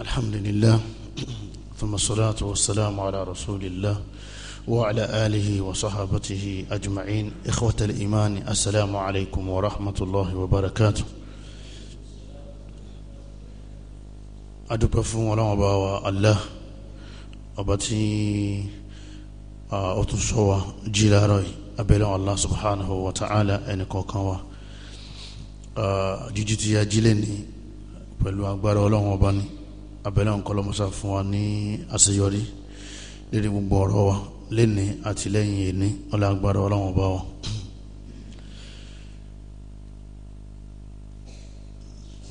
الحمد لله ثم الصلاة والسلام على رسول الله وعلى آله وصحابته أجمعين إخوة الإيمان السلام عليكم ورحمة الله وبركاته أدبفون ولا مباوى الله أبتي أتنصوى جلاري أبلغ الله سبحانه وتعالى أنكو كوا Ah, jíjí ya ajílẹ̀ ni pẹ̀lú agbára ọlọ́run ọba ni abẹ́lẹ́ ọ̀nkọ́lọ́mọsá fún wa ní àṣeyọrí lérí gbogbo ọ̀rọ̀ wa lẹ́ni àtìlẹ́yìn ẹni ọlá agbára ọlọ́run ọba wa.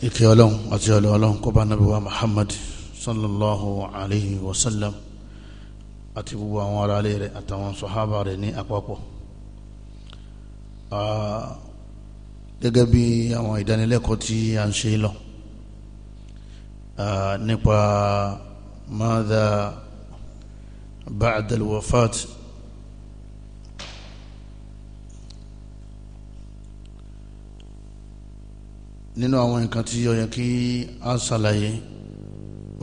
ìkẹ́ ọlọ́run àti ọlọ́ ọlọ́run kó bá wa Muhammad sallallahu alayhi wa sallam àti gbogbo àwọn aráalé rẹ̀ àtàwọn sọ̀hábà rẹ̀ ní àpapọ̀. Uh, gẹ́gẹ́ bí àwọn ìdánilẹ́kọ̀ọ́ tí a ń ṣe lọ nípa mada ba'dal wafat nínú àwọn nǹkan tí ó yẹ kí a ṣàlàyé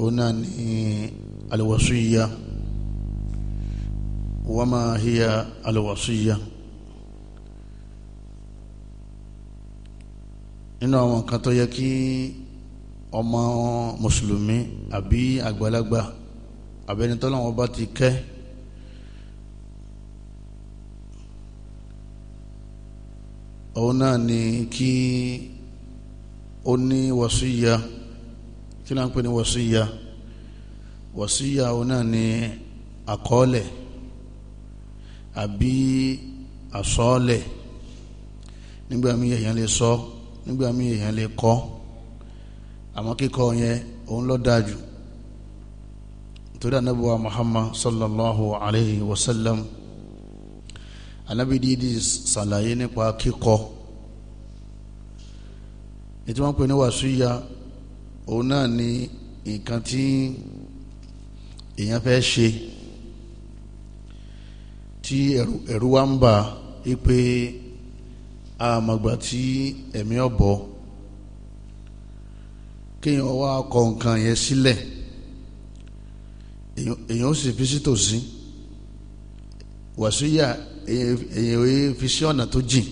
ó náà ní alwasiyya wa ma hiya alwasiyya. nínú àwọn nǹkan tó yẹ kí ọmọ mùsùlùmí àbí àgbàlagbà àbẹnitọ́lọ́wọ́n bá ti kẹ́ òun náà ni kí ó ní wàsíyà kí náà ń pè ní wàsíyà wàsíyà òun náà ni àkọọ́lẹ̀ àbí àsọ́ọ́lẹ̀ nígbà míì èèyàn lè sọ ọ́ nígbà míì èèyàn lè kọ́ àmọ́ kíkọ́ yẹn òun ló dáa jù torí ànábì wa Muhammad sallallahu alayhi wa sallam ànábì dídí ṣàlàyé nípa kíkọ́ ètò wọn pè ní wàásùyà òun náà ni nǹkan tí èèyàn fẹ́ ṣe tí ẹ̀rù wa ń bà í pé àmàgbà tí ẹ̀mí ọ̀bọ kéèyàn wá kọ nǹkan yẹn sílẹ̀ èyàn ó sì fi sí tòsí wàsíyà èyàn ó fi sí ọ̀nà tó jìn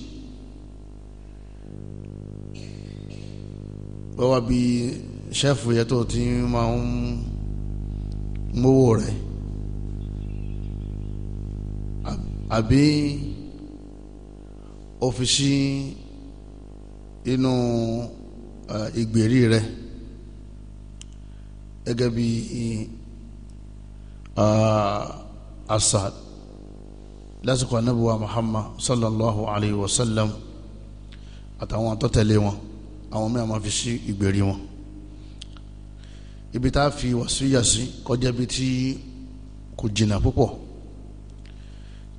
wọ́n wá bí sẹ́ẹ̀fù yẹn tó ti máa ń mówó rẹ̀ àbí. Ab Ofisi fi sí inú ìgbèrí rẹ̀ gẹ́gẹ́ bí àṣà lásìkò anábùwà Muhammad sallallahu alayhi wa sallam àtàwọn àtọ́tẹ̀lé wọn àwọn mẹ́wàá máa fi sí ìgbèrí wọn ibi tá a fi wàsíyà kọjá bí tí kò jìnnà púpọ̀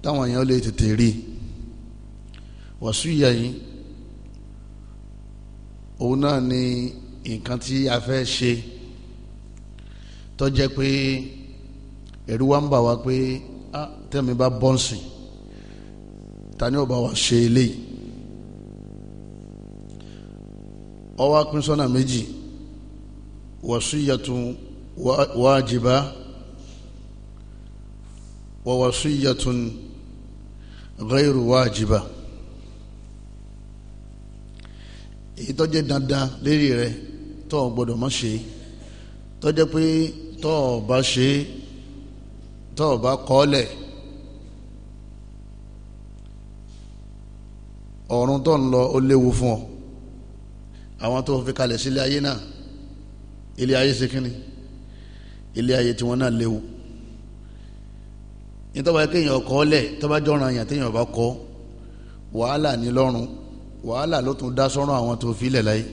táwọn èèyàn lè tètè rí i wàsíyà yìí òun náà ni nǹkan tí a fẹ́ ṣe tó pé wa ń bà wá pé ta ni ó wa ṣe eléyìí ó pín sọ́nà méjì wàsíyàtun wájibá wa wàsíyàtun ghairu wájibá. Wa ìtọ́jẹ́ dandan lérí rẹ tó o gbọ́dọ̀ má ṣe tọ́jẹ́ pé tó o bá ṣe tó o bá kọ́lẹ̀ ọ̀run tó ń lọ ó léwu fún ọ àwọn tó fi kalẹ̀ sílé ayé náà ilé ayé ṣe kínni ilé ayé tiwọn náà léwu ní tọ́ba kéèyàn kọ́ lẹ̀ tọ́ba jọ̀ràn yàn bá kọ́ wàhálà ní lọ́rùn wàhálà ló tún dá sọ́run àwọn tó filẹ̀ láyé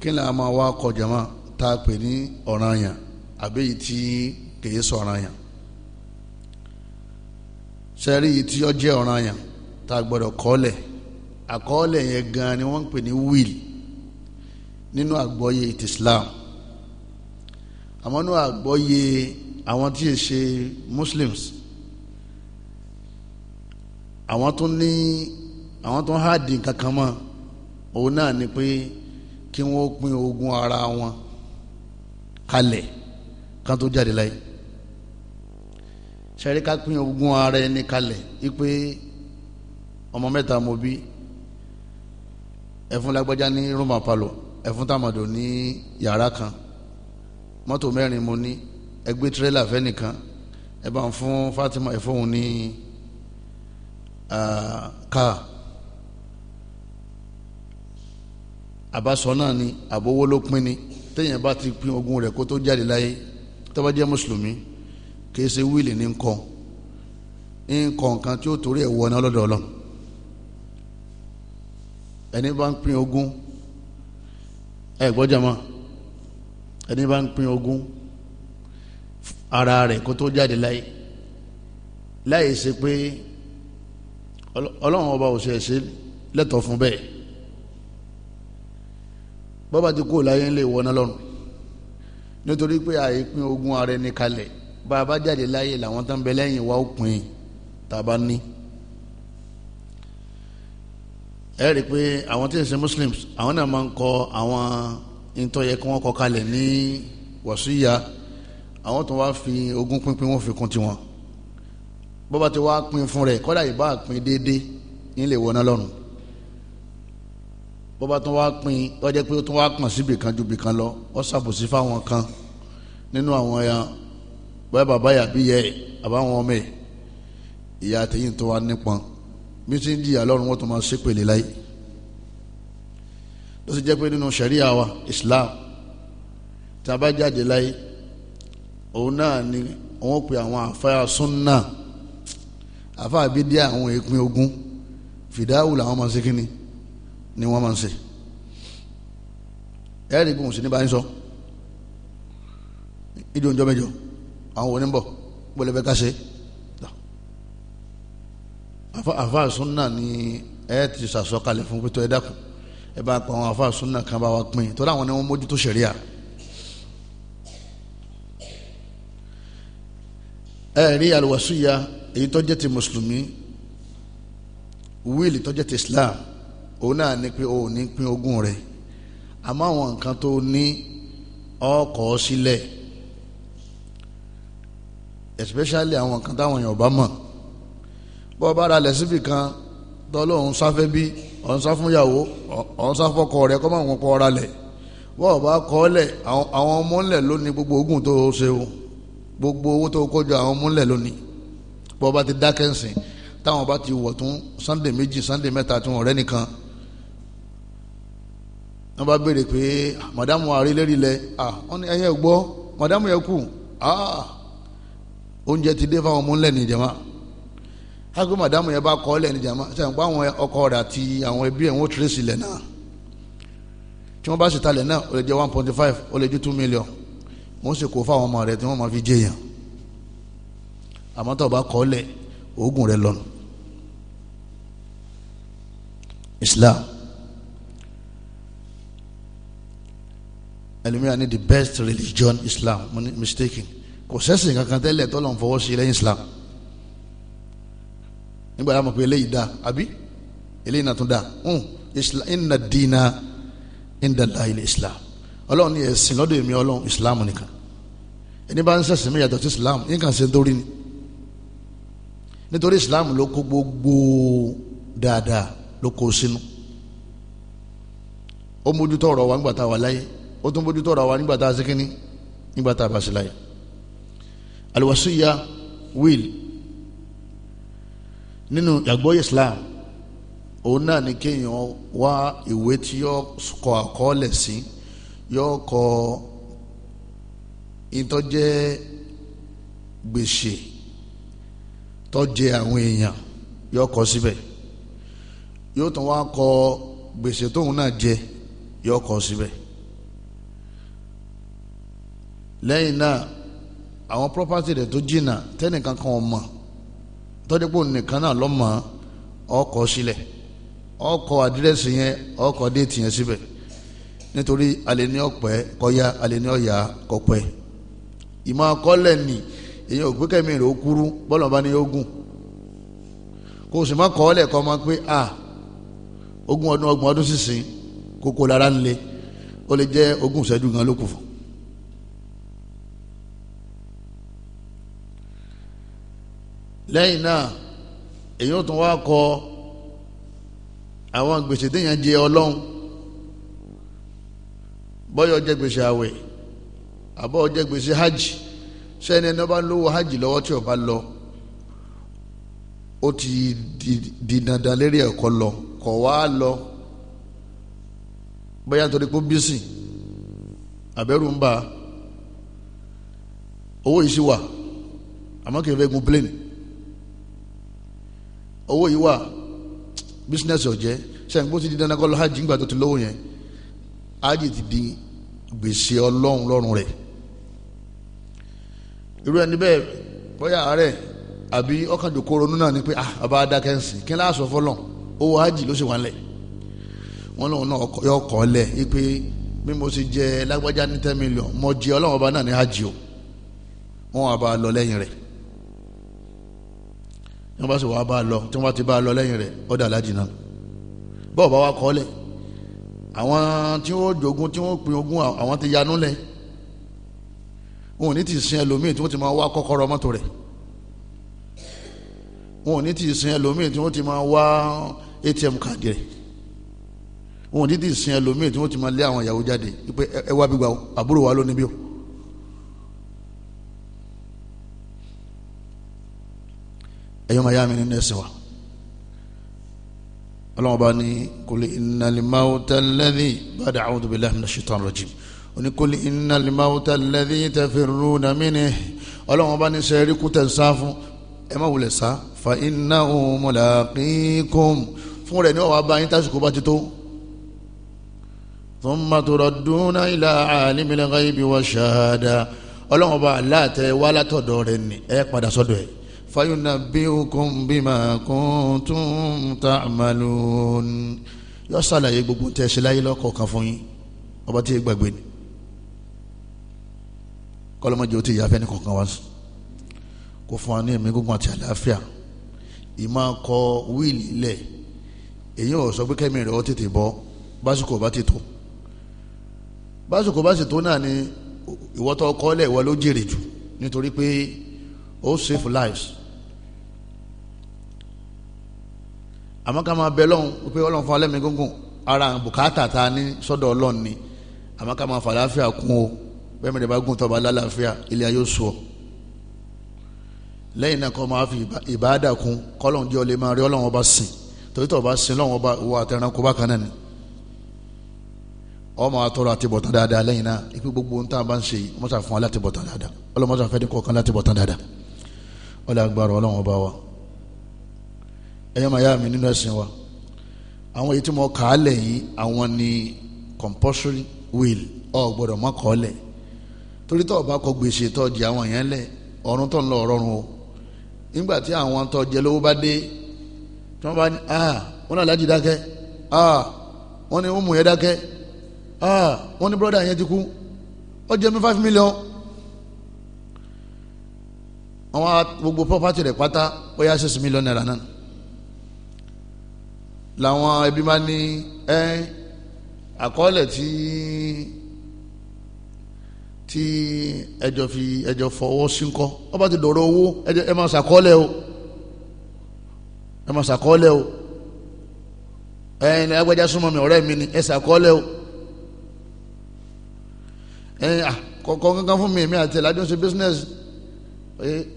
kí ni a máa wá kọjá máa tá a pè ní ọ̀ranyàn àbẹ́yìí tí kìí sọ̀ranyàn sẹ́rí yìí tí ó jẹ́ ọ̀ranyàn tá a gbọ́dọ̀ kọ́lẹ̀ àkọọ́lẹ̀ yẹn gan-an ni wọ́n ń pè ní wíìlì nínú àgbọ́yé ti Islam àmọ́ nínú àgbọ́yé àwọn tí ì ṣe Muslims àwọn tó ní àwọn tó ń háàdì kankan mọ́ òun náà ni pé kí wọ́n pín ogún ara wọn kalẹ̀ kan tó jáde láyé sẹ́rí ká pín ogún ara ẹni kalẹ̀ ipe ọmọ mẹ́ta mo bí ẹ̀fún lágbájá ní roma palo ẹ̀fún tàmàdò ní yàrá kan mọ́tò mẹ́rin mo ní ẹgbẹ́ tirẹ́là fẹ́nìkan ẹ bá ń fún Fatima ẹ̀fọ́hún ní. E Kaa àbásọ náà ni abowolo ló pín ni téèyàn bá ti pín ogún rẹ̀ kó tó jáde láyé tó bá jẹ́ mùsùlùmí kì í ṣe wíìlì ní nǹkan nǹkan kan tí ó torí ẹ̀ wọ ní ọlọ́dọ̀ ọlọ́run ẹni bá ń pín ogún ẹ gbọ́jà mọ́ ẹni bá ń pín ogún ara rẹ̀ kó tó jáde láyé láyé ṣe pé ọlọ́run ọba òṣè ṣe lẹ́tọ̀ọ́ fún bẹ́ẹ̀ bọ́ba ti kú láyé ńlẹ̀ wọná lọ́rùn nítorí pé àìpín ogún ara ẹni kalẹ̀ bá a bá jáde láyé làwọn tó ń bẹ lẹ́yìn wa ó pin tá a bá ní. ẹ rí i pé àwọn tí ń ṣe muslims àwọn náà máa ń kọ àwọn ìtọ́yẹ kí wọ́n kọ kalẹ̀ ní wàsíyà àwọn tó wá fi ogún pínpín wọn fi kún tiwọn bọ́ba ti wá pin fún rẹ̀ kọ́dà ìbá pin déédé yín lè wọná lọ́rùn bọ́ba tó wá pin ọjọ́ pé ó tó wá pọ̀n síbì kan ju bì kan lọ ó ṣàbòsí fáwọn kan nínú àwọn ẹ̀yàn bọ́ẹ̀ bàbá yàbí yẹ àbáwọn ọmọ ẹ̀ ìyá àtẹ̀yìn tó wá nípọn bí ó ti ń jìyà lọ́rùn wọ́n tó máa ṣépèlè láyé ó sì jẹ́ pé nínú sẹ̀ríà wa Islam tá a bá jáde láyé òun náà ni wọ́n pe àwọn àfáà súnnà àfa àbídí àwọn ìpín ogun fìdáwù làwọn máa ń ṣe kínní ni wọ́n máa ń ṣe ẹ̀rí bí mùsùlùmí bá ń sọ ìdí oúnjẹ mẹ́jọ àwọn oníbọ̀ bọ́lẹ̀ bẹ́ẹ̀ ká ṣe àfa sunna ni ẹ ti sàsọkalẹ̀ fún pẹ̀tọ́ ẹ dákun ẹ bá pa àwọn àfa sunna kan bá wa pín tọ́lá àwọn ni wọ́n mójútó ṣẹ̀ríà. ẹ̀rí àlùwàsíyà èyí tó jẹ́ ti mùsùlùmí wíìlì tó ti islam òun náà ní pé òun ní pín ogún rẹ̀ àmọ́ àwọn nǹkan tó ní ọkọ̀ sílẹ̀ especially àwọn nǹkan táwọn èèyàn bá mọ̀ bọ́ ọ bá ra lẹ̀ síbì kan tọ́lọ́ òun sáfẹ́ bí òun sá fún ìyàwó òun sá fọ́kọ rẹ̀ kọ́ máa wọn kọ́ ra lẹ̀ bọ́ ọ bá kọ́ lẹ̀ àwọn ọmọ ńlẹ̀ lónìí gbogbo ogún tó ṣe o gbogbo owó tó kó àwọn ọmọ ńlẹ̀ lónìí bọ́ bá ti dákẹ́ ń sìn táwọn bá ti wọ̀ tún sunday méjì sunday mẹ́ta tí wọ́n rẹ́ nìkan wọ́n bá béèrè pé madamu àrí lérí lẹ ah wọ́n ní ẹyẹ gbọ́ madamu yẹ kù ah oúnjẹ ti dé fáwọn ọmọ ńlẹ̀ ní ìjàmá hágbé madamu yẹ bá kọ́ ọ́lẹ̀ ní ìjàmá sẹ́yìn pé àwọn ọkọ rẹ̀ àti àwọn ẹbí ẹ̀ wọ́n tírèsì lẹ̀ náà tí wọ́n bá sì talẹ̀ náà ó lè jẹ́ one point five ó lè jẹ́ two million wọ́n sì kó fáwọn ọmọ rẹ̀ tí wọ́n máa fi jẹyàn àmọ́ tó o bá kọ́ lẹ̀ oògùn rẹ lọ́nu Islam ẹlòmíràn ní the best religion Islam mo ní mistaken kò sẹ́sìn kankan tẹ́lẹ̀ tó lọ́n fọwọ́ sí lẹ́yìn Islam nígbà tá a mọ̀ pé eléyìí dá àbí eléyìí náà tún dá inna dina inda Allahi al-Islam ọlọ́run ni ẹ̀sìn lọ́dọ̀ èmi ọlọ́run Islam nìkan ẹni bá ń sẹ̀sìn mi yàtọ̀ sí Islam yín kan ṣe ń torí ni nítorí islam ló kó gbogbo dáadáa ló kó sínú ó mójútó ọ̀rọ̀ wa nígbà tá a wà láyé ó tún mójútó ọ̀rọ̀ wa nígbà tá a sékíní nígbà tá a bá sí láyé aliwasiya will nínú ìgbàgbọ́ islam òun náà ni kéèyàn wá ìwé tí yóò kọ àkọọ́lẹ̀ sí yóò kọ ìtọ́jẹ́ gbèsè tọ́jẹ àwọn èèyàn yóò kọ síbẹ̀ yóò tún wá kọ gbèsè tóun náà jẹ yóò kọ síbẹ̀ lẹ́yìn náà àwọn property rẹ̀ tó jìnnà tẹ́nìkan kan ọmọ tọ́jẹ́pò nìkan náà lọ́mọ ọkọ̀ sílẹ̀ ọkọ̀ àdírẹ́sì yẹn ọkọ̀ déètì yẹn síbẹ̀ nítorí alẹ́ ní ọ̀pẹ́ kọ́yá alẹ́ ní ọ̀yà kọ́pẹ́ ìmọ̀ akọ́lẹ̀ nìyí èyí ò gbé kẹ́mi rè ó kúrú bọ́lá ọba ni yóò gùn kó o sì má kọ́ ọ́lẹ̀ kọ́ ọmọ pé a ogún ọdún ọgbọ̀n ọdún sísìn kókó lára ń le ó lè jẹ́ ogún ìṣẹ́jú gan ló kù fún. lẹ́yìn náà èyí ò tún wá kọ àwọn gbèsè téèyàn jẹ ọlọ́run bọ́yọ̀ hajj. sẹ́ni ẹni ọba lówó hajj lọ́wọ́ tí ọba lọ ó ti di dandan lérí ẹ̀kọ́ lọ kọ̀ wá lọ bóyá nítorí pé bísì àbẹ̀rù ń bà owó yìí sì wà àmọ́ kì í fẹ́ gun plane owó yìí wà business ọ̀jẹ́ sẹ́yìn kó ti di dandan kọ́ lọ hajj ńgbà tó ti lówó yẹn hajj ti di gbèsè ọlọ́run lọ́rùn rẹ̀ irú ẹni bẹ́ẹ̀ bóyá àárẹ̀ àbí ọkàndòkó ronú náà ni pé ah bàbá adákẹ́ ń sìn kí láà sọ fọlọ́n owó hajj ló ṣe wà lẹ̀ wọ́n lóun náà yọ ọkọ̀ lẹ̀ wípé bí mo ṣe jẹ lágbájá ní ten million mo jẹ ọlọ́run ọba náà ní hajj o wọ́n wà bá a lọ lẹ́yìn rẹ̀ wọ́n bá sì wà bá a lọ tí wọ́n bá ti bá a lọ lẹ́yìn rẹ̀ ọ̀dà alájì náà bọ́ọ̀ bá wa kọ́ lẹ̀ àwọn tí wọ́n jogun tí wọ́n pin ogun àwọn ti yanú lẹ̀ wọn ò ní ti sin ẹlòmíì tí wọ́n ti máa wá kọ́kọ́rọ́ mọ́tò rẹ̀ wọn ò ní ti sin ẹlòmíì tí wọ́n ti máa wá ATM káàdì rẹ̀ wọn ò ní ti sin ẹlòmíì tí wọ́n ti máa lé àwọn ìyàwó jáde pé ẹ wá gbígbà àbúrò wa ló níbí o. ẹ̀yọ́ máa yá mi nínú ẹ̀sìn wa ọlọ́run bá ní kul innal mawta alladhi ba'da a'udhu billahi minash shaitanir oníkólé iná limawuta lẹ́dí tẹ̀fẹ̀rù nàmínì ọlọ́run bá ní sẹ́rí kú tẹ̀ sá fún ẹ má wulẹ̀ sá fa iná òmùlà kíkún fún rẹ̀ ní ọ̀wá bá yín tásìkò bá ti tó. ثم تردون إلى عالم الغيب والشهادة ọlọ́run ọba aláàtẹ wá látọ̀dọ̀ rẹ̀ ni ẹ padà sọ́dọ̀ ẹ̀ fayuna biukum bima kuntum ta'malun yọ sàlàyé gbogbo tẹ́ ṣe láyé lọ́kọ̀ọ̀kan fún yín ọba tí gbàgbé ni kọ́lọ́mọdé ó ti yà fẹ́ni kankan wá sùn kó fún wa ní ẹ̀mí gígùn àti àlàáfíà ìmọ̀ kọ wíìlì lẹ̀ èyí ò sọ pé kẹ́mi rẹ̀ ó tètè bọ́ básìkò bá ti tó básìkò bá sì tó náà ni ìwọ tó ìwọ ló jèrè jù nítorí pé ó save lives àmọ́ ká máa bẹ lọ́hùn pé ọlọ́run fún alẹ́ mi gígùn ara bùkátà ta ní sọ́dọ̀ ọlọ́run ni àmọ́ ká máa fàlàáfíà kún o bẹ́ẹ̀ mẹ́rin bá gùn tọ́ba lálàáfíà ilé ayé sùn ọ́ lẹ́yìn náà kọ́ máa fi ìbáàdà kun kọ́lọ́n jẹ́ ọlẹ́ máa rí ọlọ́run ọba sìn torí tó ọba sìn lọ́wọ́ ọba wo àtẹran kó bá kan náà ni ọmọ atọ́rọ àti bọ̀tán dáadáa lẹ́yìn náà ipe gbogbo ohun tá a bá ń ṣe yìí wọ́n ṣàfihàn aláti bọ̀tán dáadáa ọlọ́mọ ṣàfẹ́ ní kọ̀ọ̀kan láti bọ̀tán dáadáa ọlọ́ agbára ọlọ́run ọba wa ni compulsory will ọ̀ gbọ́dọ̀ mọ́kànlẹ̀ torí tó o bá kọ gbèsè tó jẹ àwọn yẹn lẹ ọ̀run tó ń lọ ọ̀rọ̀run o nígbà tí àwọn tó jẹ lówó bá dé tí wọ́n bá ní ah wọ́n ní aláàjì dákẹ́ ah wọ́n ní ọmọ yẹn dákẹ́ ah wọ́n ní bọ́dà yẹn ti kú ó jẹ mi five million àwọn gbogbo property rẹ̀ pátá ó yá six million naira náà làwọn ẹbí máa ní ẹ àkọọ́lẹ̀ tí. Eh, tí ẹjọ fi ẹjọ fọwọ́ sínkọ́ ó bá ti dọ̀rọ̀ owó ẹ máa ṣàkọọ́lẹ̀ o ẹ máa o ẹ̀yin agbẹjà súnmọ́ mi ọ̀rẹ́ mi ni ẹ ṣàkọọ́lẹ̀ o ẹ̀yin à kọ̀ọ̀kan kankan fún mi èmi àti ẹ̀ lájọ́ ṣe business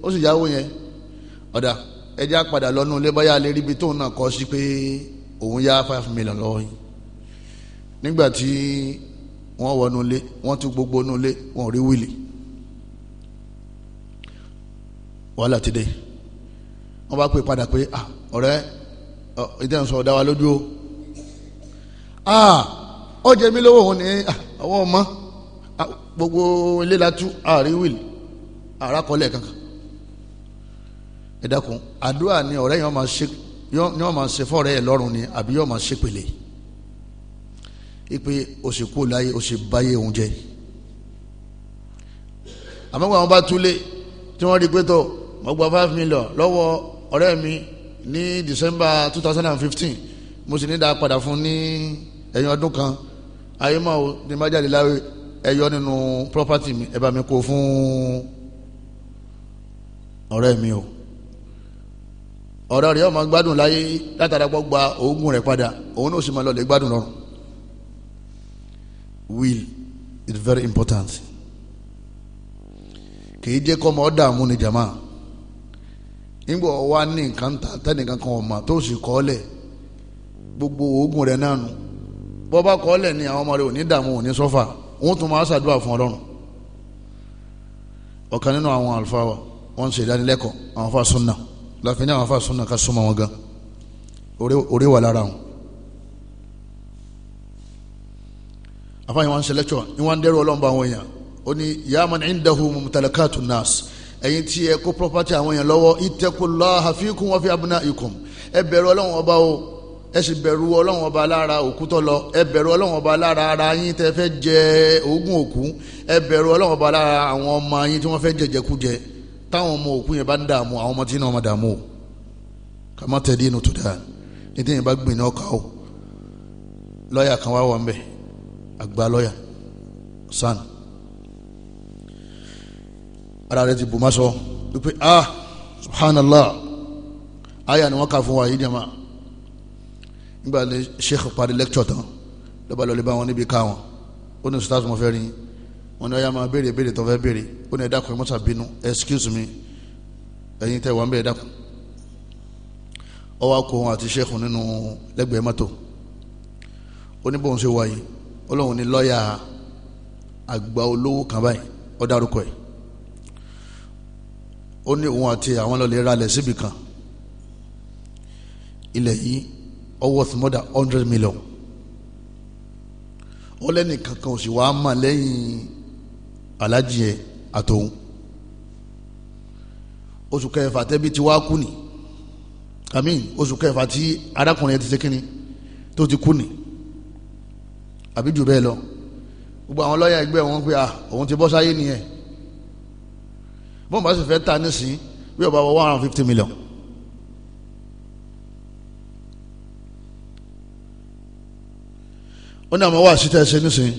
ó sì yáwó yẹn ọ̀dà ẹjẹ́ àpàdà lọ́nu ilé báyà lè ríbi tóun náà kọ́ sí pé òun yá five million lọ́wọ́ yìí nígbà wọ́n wọnú ilé wọ́n tún gbogbo inú ilé wọ́n rí wíìlì wàhálà ti dé wọ́n bá pè padà pé ah ọ̀rẹ́ ìdẹ́rùn sọ̀rọ̀ dá wa lójú o ah ó jẹ mí lówó òun ní àwọn ọmọ gbogbo ilé la tú àárí wíìlì àrà kọlẹ̀ kankan ẹ dákun àdúrà ni ọ̀rẹ́ yẹn máa ṣe fọ́ọ̀rẹ́ ẹ lọ́rùn ni àbí yóò máa ṣépele yìí ipe òsìkú láyé òsì báyé òun jẹ àmọ́gbà wọn bá túlé tí wọ́n rí pé tọ́ gba five million lọ́wọ́ ọ̀rẹ́ mi ní December two thousand and fifteen mo sì ní dáa padà fún ní ẹ̀yìn ọdún kan ayé máa ò ní má jáde láwé ẹ̀yọ́ nínú property mi ẹ̀ bá mi kó fún ọ̀rẹ́ mi o ọ̀rẹ́ rẹ̀ yóò máa gbádùn láyé látara gbọ́ oògùn rẹ̀ padà òun náà sì máa lọ gbádùn lọ́rùn will is very important kìí jẹ́ kọ́ ọmọ ọ̀dààmú ni jama nígbà ọwọ́ ní nǹkan ta tẹ́nìkan kan ọ̀ma tó sì kọ́ lẹ̀ gbogbo oògùn rẹ̀ náà nù bọ́ bá kọ́ lẹ̀ ni àwọn ọmọ rẹ̀ ò ní dààmú ò ní sọ́fà wọ́n tún máa ṣàdúrà fún ọlọ́run ọ̀kan nínú àwọn àlùfáà wa wọ́n ń ṣe ìdánilẹ́kọ̀ọ́ àwọn afa sunna láfi ní àwọn afa sunna ká súnmọ́ wọn gan orí wà lára wọn. afaan yìí wọn ṣe lẹ́kṣọ̀ ni wọn dẹ́rù bá àwọn èèyàn ó ní yaaman indahu mumtalakatu nas ẹ̀yin tí ẹ kó property àwọn èèyàn lọ́wọ́ ittaqullaha fikum wa fi abnaikum ẹ bẹ̀rù ọlọ́run ọba o ẹ sì bẹ̀rù ọlọ́run ọba lára òkú tó lọ ẹ bẹ̀rù ọlọ́run ọba lára ara yín tẹ́ fẹ́ jẹ ogún òkú ẹ bẹ̀rù ọlọ́run ọba lára àwọn ọmọ yín tí wọ́n fẹ́ jẹjẹkújẹ táwọn ọmọ òkú yẹn bá ń dààmú àwọn ọmọ tí náà máa dààmú o kàmá tẹ̀lé inú tó dáa ní tẹ̀yìn bá gbìn náà ká o lọ́ọ̀yà kan wá wà ń bẹ́ẹ̀ Agba lọ́yà san ara rẹ ti bù má sọ wípé ah subhanallah aya ni wọ́n kà fún wa yìí jẹ́ma nígbà lè sheikh parí lecture tán lọ́ba lọ́lẹ́ bá wọn níbi ká wọn ó ní sùtàtù mọ́ fẹ́ rí wọn ni ọ̀ya máa béèrè béèrè tó fẹ́ béèrè ó ní ẹ̀dá kan mọ́sà bínú excuse me ẹ̀yin tẹ́ wà ń bẹ̀ ẹ̀dá kan akọ òun àti sheikh nínú lẹ́gbẹ̀ẹ́ mọ́tò ó ní bóun ṣe wáyé olóhùn ni lọ́ọ̀yà àgbà olówó kan báyìí ó dárúkọ ẹ̀ ó ní òun àti àwọn lọ́ọ̀lẹ́ ralẹ̀ síbi kan ilẹ̀ yìí ó worth more than hundred million ó lẹ́nì kankan ò sì wá mà lẹ́yìn alájì ẹ̀ àtòun oṣù kẹfà tẹ́bí ti wá kú ni àmín oṣù kẹfà tí arákùnrin ẹ ti ṣe kínni tó ti kú ni àbí jù bẹ́ẹ̀ lọ gbogbo àwọn lọ́ọ̀yà ẹgbẹ́ wọn pé à ah, òun ti bọ́ sáyé nìyẹn bọ́ọ̀mù bá sì fẹ́ ta nísìnyí bí ọba wọ one hundred and fifty million. ó ní àwọn wá sí tẹ́sí nísìnyí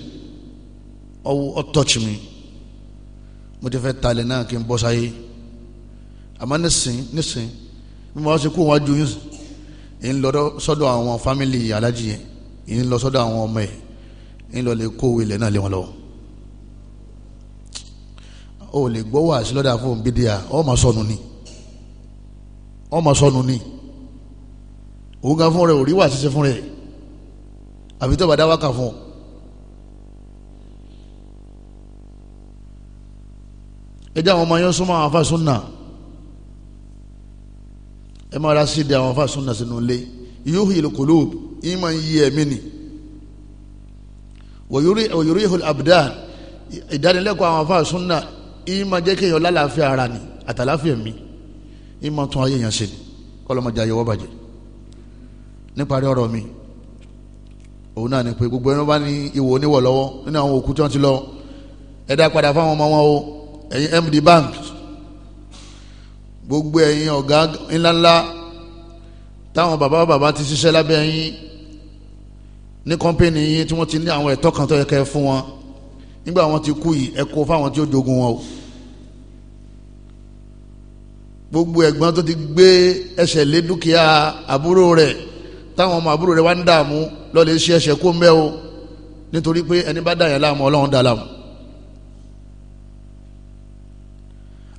ọwọ́ ọ tọ́ọ̀chì mi mo ti fẹ́ talẹ̀ náà kí n bọ́ sáyé àmọ́ nísìnyí nísìnyí bí mo bá ṣe kó wájú yín ń lọ sọ́dọ̀ àwọn fámìlì alájí yẹn lọ sọ́dọ̀ àwọn ọmọ yẹn ńlọlẹ̀ kówó ilẹ̀ náà lé wọn lọ. o lè gbọ́ wàásù lọ́dà fún bídíà ọmọ sọnù ni ọmọ sọnù ni òun kan fún rẹ òrí wà ṣiṣẹ́ fún rẹ àbí tó bá dá wákà fún ọ. ẹ jẹ́ àwọn ọmọ yẹn súnmọ́ àwọn afáṣún náà ẹ máa ra síde àwọn afáṣún náà sínú ilé yóò hìlù kòlóòbù yìí máa ń yí ẹ̀mí nìyí òyòrí ihò abdan ìdánilẹ́kọ̀ọ́ àwọn afa sunna ìmọ̀ jẹ́ kéèyàn lálàáfíà ara ni àtàláfíà mi ìmọ̀ tún ayé yẹn ṣe kọ́lọ́mọdé ayọ̀wọ́ bàjẹ́ níparí ọ̀rọ̀ mi òun náà ni pé gbogbo ẹni bá ní ìwò oníwọ̀ lọ́wọ́ nínú àwọn òkú tí wọ́n ti lọ ẹ dá padà fáwọn ọmọ wọn o ẹ̀yin MD Bank gbogbo ẹ̀yin ọ̀gá ńláńlá táwọn bàbá bàbá ti ṣiṣẹ́ lábẹ́ ẹ̀yin ní kọ́ńpẹ́nì yín tí wọ́n ti ní àwọn ẹ̀tọ́ kan tó yẹ kẹ́ fún wọn nígbà wọn ti kú yìí ẹ kó fáwọn tí ó jogun wọn o gbogbo ẹ̀gbọ́n tó ti gbé ẹsẹ̀ lé dúkìá àbúrò rẹ̀ táwọn ọmọ àbúrò rẹ̀ wá ń dààmú lọ́ọ́ ṣe ẹsẹ̀ kó mbẹ́ o nítorí pé ẹni bá dà láàmú ọlọ́run dà láàmú.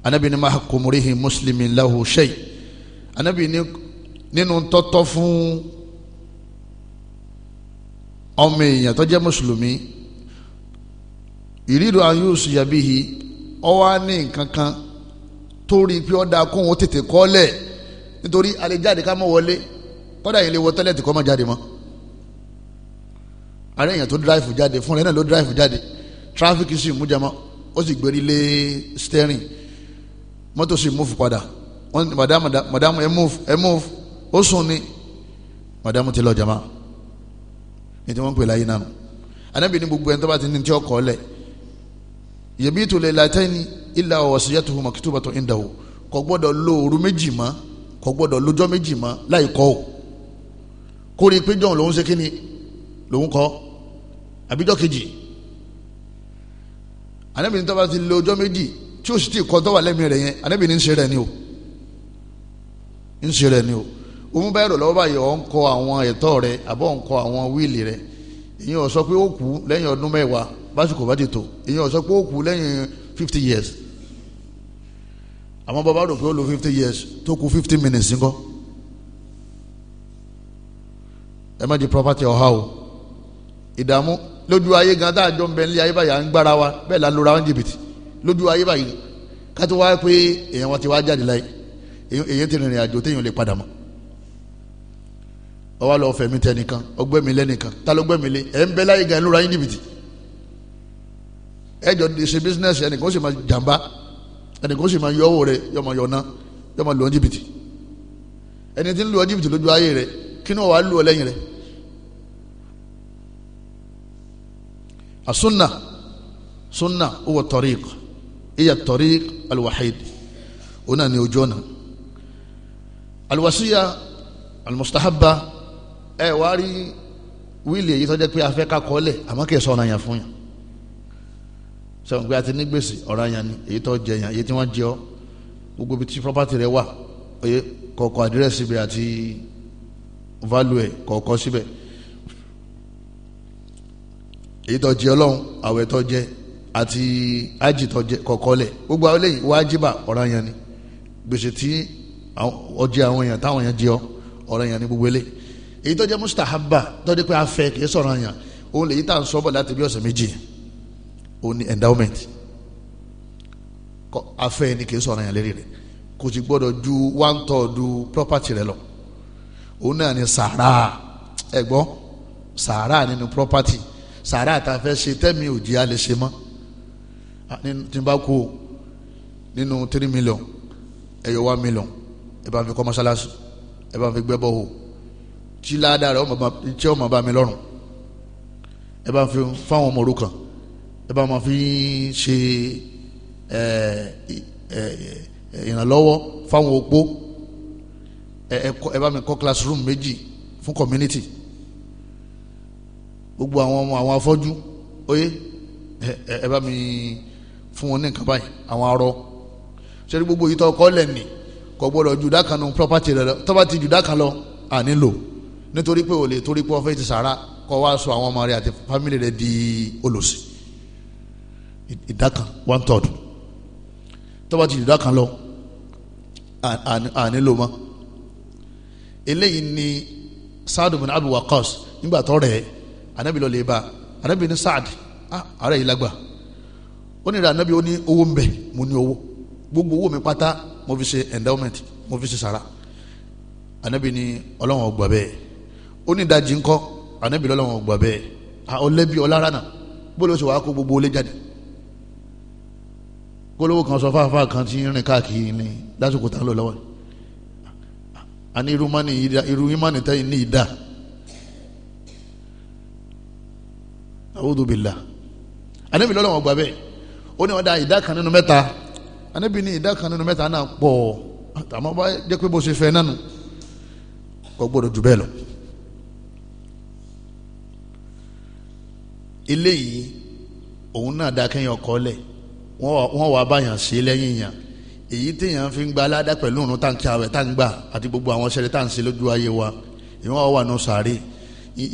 anabi ni maha kumurihi muslimin lahu shay anabi ni nínú tọ́tọ́ fún ọmọ èèyàn tó jẹ́ mùsùlùmí ìrírò ayúùsù yàbíhi ọ wá ní nǹkan kan tó rí i pé ọ da kó òun tètè kọ́lẹ̀ nítorí àlejáde ká mọ̀ wọlé kọ́dà yìí lè wọ tọ́lẹ̀tì kọ́ mọ̀ jáde mọ́ ààrẹ èèyàn tó dráìfù jáde fúnra ẹ̀ náà ló dráìfù jáde tráfíkì sì mú jẹmọ́ ó sì gbérí lé stẹ́rìn mọ́tò sì múfù padà wọ́n ní madamu ẹ múfù ẹ múfù ó sùn ní madamu ti lọ jẹmọ́. ní tí wọ́n ń pè láyé náà anábì ní gbogbo ẹni tó bá ti ní tí ọkọ̀ lẹ̀ yẹ̀bí tó lè látẹ́ ní ilà ọ̀sìyẹ́ tó fún mọ̀kítúbà tó ń dà o kò gbọ́dọ̀ lo òru méjì mọ́ kò gbọ́dọ̀ lójọ́ méjì mọ́ láì kọ́ o kó rí lòún ṣe kí lòún kọ́ àbíjọ́ kejì anábì ní tó bá ti lo ọjọ́ méjì tí ó sì ti kọ́ tó wà lẹ́mìí rẹ̀ yẹn anábì ní ń ṣe rẹ̀ ni o ń ṣe rẹ̀ ni o òun bá rò lọ́wọ́ báyìí ọ̀ ń kọ àwọn ẹ̀tọ́ rẹ àbọ̀ ń kọ àwọn wíìlì rẹ ìyẹn ọ̀ sọ pé ó kú lẹ́yìn ọdún mẹ́wàá básìkò bá ti tò ìyẹn ọ̀ sọ pé ó kú lẹ́yìn fifty years àmọ́ bàbá rò pé ó lo fifty years tó kú fifty minutes ńkọ́ ẹ má di property ọ̀há o ìdààmú lójú ayé gan tá a jọ ń bẹ nílé ayé báyìí ń gbára wa bẹ́ẹ̀ la lora wọn jìbìtì lójú ayé báyìí ká tó wá pé èèyàn wa ti wá jáde láyé èèyàn ti rìnrìn àjò téèyàn lè padà mọ́ ọwọ́ lọ fẹ̀mí tẹnìkan ọgbẹ́mi lẹ́nìkan ta ló gbẹ́mi lé ẹ̀ ń bẹ́ láyé gan lóra yín níbitì ẹ jọ ṣe bísínẹ́sì ẹnìkan ó sì máa jàǹbá ẹnìkan ó sì máa yọ owó rẹ yọ máa yọ̀nà yọ máa lù jìbìtì ẹni tí ń lù jìbìtì lójú ayé rẹ kí ni wàá lù ọ́ lẹ́yìn rẹ. asunna sunna huwa tariq iya tariq alwahid ona ni ojú ọ̀nà alwasiya almustahabba ẹ wá rí wíìlì èyí tó jẹ́ pé afẹ́ kakọ́lẹ̀ àmọ́ kì í sọ ọ̀nà yẹn fún yàn sọ̀rọ̀ pé a ti ní yẹn ni èyí tó jẹ yẹn èyí tí wọ́n jẹ ọ́ gbogbo ibi tí property rẹ wà oye kọ̀ọ̀kọ̀ àdírẹ́sì bẹ̀ àti value ẹ̀ kọ̀ọ̀kọ̀ síbẹ̀ èyí tó jẹ ọlọ́run àwẹ̀ tó jẹ àti ájì tó jẹ kọ̀ọ̀kọ̀lẹ̀ gbogbo àwọn eléyìí wájibà ọ̀rọ̀ yẹn ni gbèsè tí ọjẹ àwọn èèyàn táwọn èèyàn jẹ ọ ọ̀rọ̀ yẹn ni gbogbo eléyìí èyí tó jẹ́ mustahaba tọ́jú pé a fẹ́ kì í sọ̀rọ̀ àyàn òun lè yí tà ń sọ́bọ̀ láti bí ọ̀sẹ̀ méjì òun ni endowment a fẹ́ ni kì í sọ̀rọ̀ àyàn lérí rẹ̀ kò sì gbọ́dọ̀ ju one third property rẹ̀ lọ òun náà ni sàrà ẹ sàrà nínú property sàrà tá a fẹ́ ṣe tẹ́mi òjì a lè ṣe mọ́ tí n bá kú nínú three million ẹ̀yọ̀ one million ẹ bá fi kọ́ mọ́ṣáláṣí ẹ bá fi gbẹ́ bọ́ tí ládàá rẹ tí ọmọ bá mi lọ́rùn ẹ bá fi fáwọn ọmọ òrukàn ẹ bá máa fi ṣe ìrànlọ́wọ́ fáwọn opó ẹ bá mi kọ́ classroom méjì fún community gbogbo àwọn ọmọ àwọn afọ́jú oyè ẹ bá mi fún wọn ní nǹkan báyìí àwọn arọ sẹ́ni gbogbo yìí tó kọ́ lẹ́ni kò gbọ́dọ̀ jùdá kan nu property rẹ lọ bá ti jùdá kan lọ àní lò nítorí pé o lè torí pé ọfẹ́ ti sàrà kọ́ wá sọ àwọn ọmọ rẹ àti fámìlì rẹ di olòṣì ìdá one third tó bá ti ìdá kan lọ ànílò mọ́ eléyìí ni Saadu bin Abi Waqqas nígbà tó rẹ̀ anabi lọ lè ba anabi ní Saad ah, ààrẹ yìí lágbà ó ní rẹ anabi ó ní owó ń bẹ mo ní owó gbogbo owó mi pátá mo fi ṣe endowment mo fi ṣe sàrà anabi ní ọlọ́run ọgbà bẹ́ẹ̀ onídàájì ńkọ́ ànábì lọ́lọ́wọ́n gbà bẹ́ẹ̀ ọlẹ́bí ọlárànà bó ló ṣe wàá kó gbogbo olé jáde kólówó kan sọ fáfá kan tí ń rìn káàkiri ní lásìkò tá ń lò lọ́wọ́ àní irú mọ́ni irú ìmọ̀ni tẹ́yìn ní ìdá a'udhu billah ànábì lọ́lọ́wọ́n gbà bẹ́ẹ̀ ó ní wọ́n da ìdá kan nínú mẹ́ta ànábì ní ìdá kan nínú mẹ́ta náà pọ̀ àtàwọn bá jẹ́ pé bó ṣe fẹ́ nánu kò gbọ́dọ̀ jù bẹ́ẹ̀ lọ. eléyìí òun náà dákẹ́yìn ọkọ lẹ̀ wọ́n wàá báyàn ṣe lẹ́yìn yàn èyí téèyàn fi ń gba aládá pẹ̀lú òun tá n kí àwẹ̀ tá n gbà àti gbogbo àwọn iṣẹ́ tá n ṣe lójú ayé wa ìwọ́n wà nù sàárè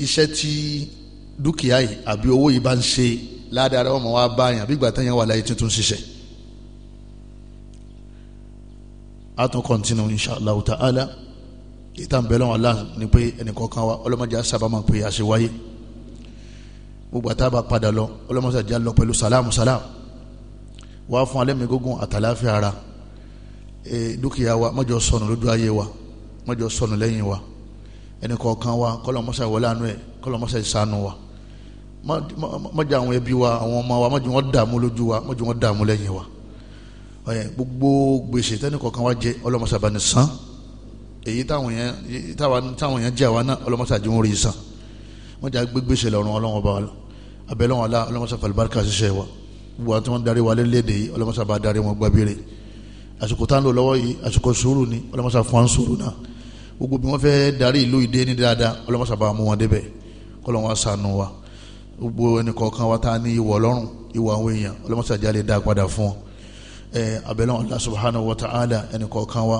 iṣẹ́ tí dúkìá yìí àbí owó yìí bá ń ṣe ládàá ọmọ wa báyàn bí ìgbà téèyàn wà láyé tuntun ṣiṣẹ́. a tún kọ́ntínú inṣàlá ta'ala ìtàn bẹ́ẹ̀ lọ́wọ́ Allah ni pé ẹnìkọ̀ọ̀kan wa ọlọ́mọdé àṣàbámọ̀ pé àṣewáyé gbogbo àtàbà padà lọ ọlọ́mọsá jà lọ pẹ̀lú sàlámù sàlámù wá fún alẹ́ mi gógùn àtàláfíà ara dúkìá wa mọ́jọ sọnù lójú ayé wa mọ́jọ sọnù lẹ́yìn wa ẹnì kọ̀ọ̀kan wa kọ́lọ́mọsá ìwọlé àánú ẹ̀ kọ́lọ́mọsá ìsànù wa mọ́jà àwọn ẹbí wa àwọn ọmọ wa mọ́jọ wọn dààmú lójú wa mọ́jọ wọn dààmú lẹ́yìn wa gbogbo gbèsè tẹ́nì kọ̀ọ̀kan wa jẹ ọlọ́mọsá bá jẹ gbégbèsè lọ́rùn ọlọ́wọ́n bá wa lọ abẹ́lẹ́wọ̀n alá ọlọ́mọṣà falibarika ṣiṣẹ́ wa gbogbo àti wọn darí wa léde yìí ọlọ́mọṣà bá darí wọn gbàbére àsìkò tá ń lò lọ́wọ́ yìí àsìkò sùúrù ni ọlọ́mọṣà fún wa ń sùúrù náà gbogbo bí wọ́n fẹ́ darí ìlú ìdè ní dáadáa ọlọ́mọṣà bá mú wọn débẹ̀ kọ́lọ́n wa sànù wa gbogbo ẹnìkọ̀ọ̀kan wa tá ní ìwọ̀ ọlọ́run ìwọ̀ àwọn èèyàn ọlọ́mọṣà jálè dá padà fún wọn Allah subhanahu wa ta'ala ẹnìkọ̀ọ̀kan wa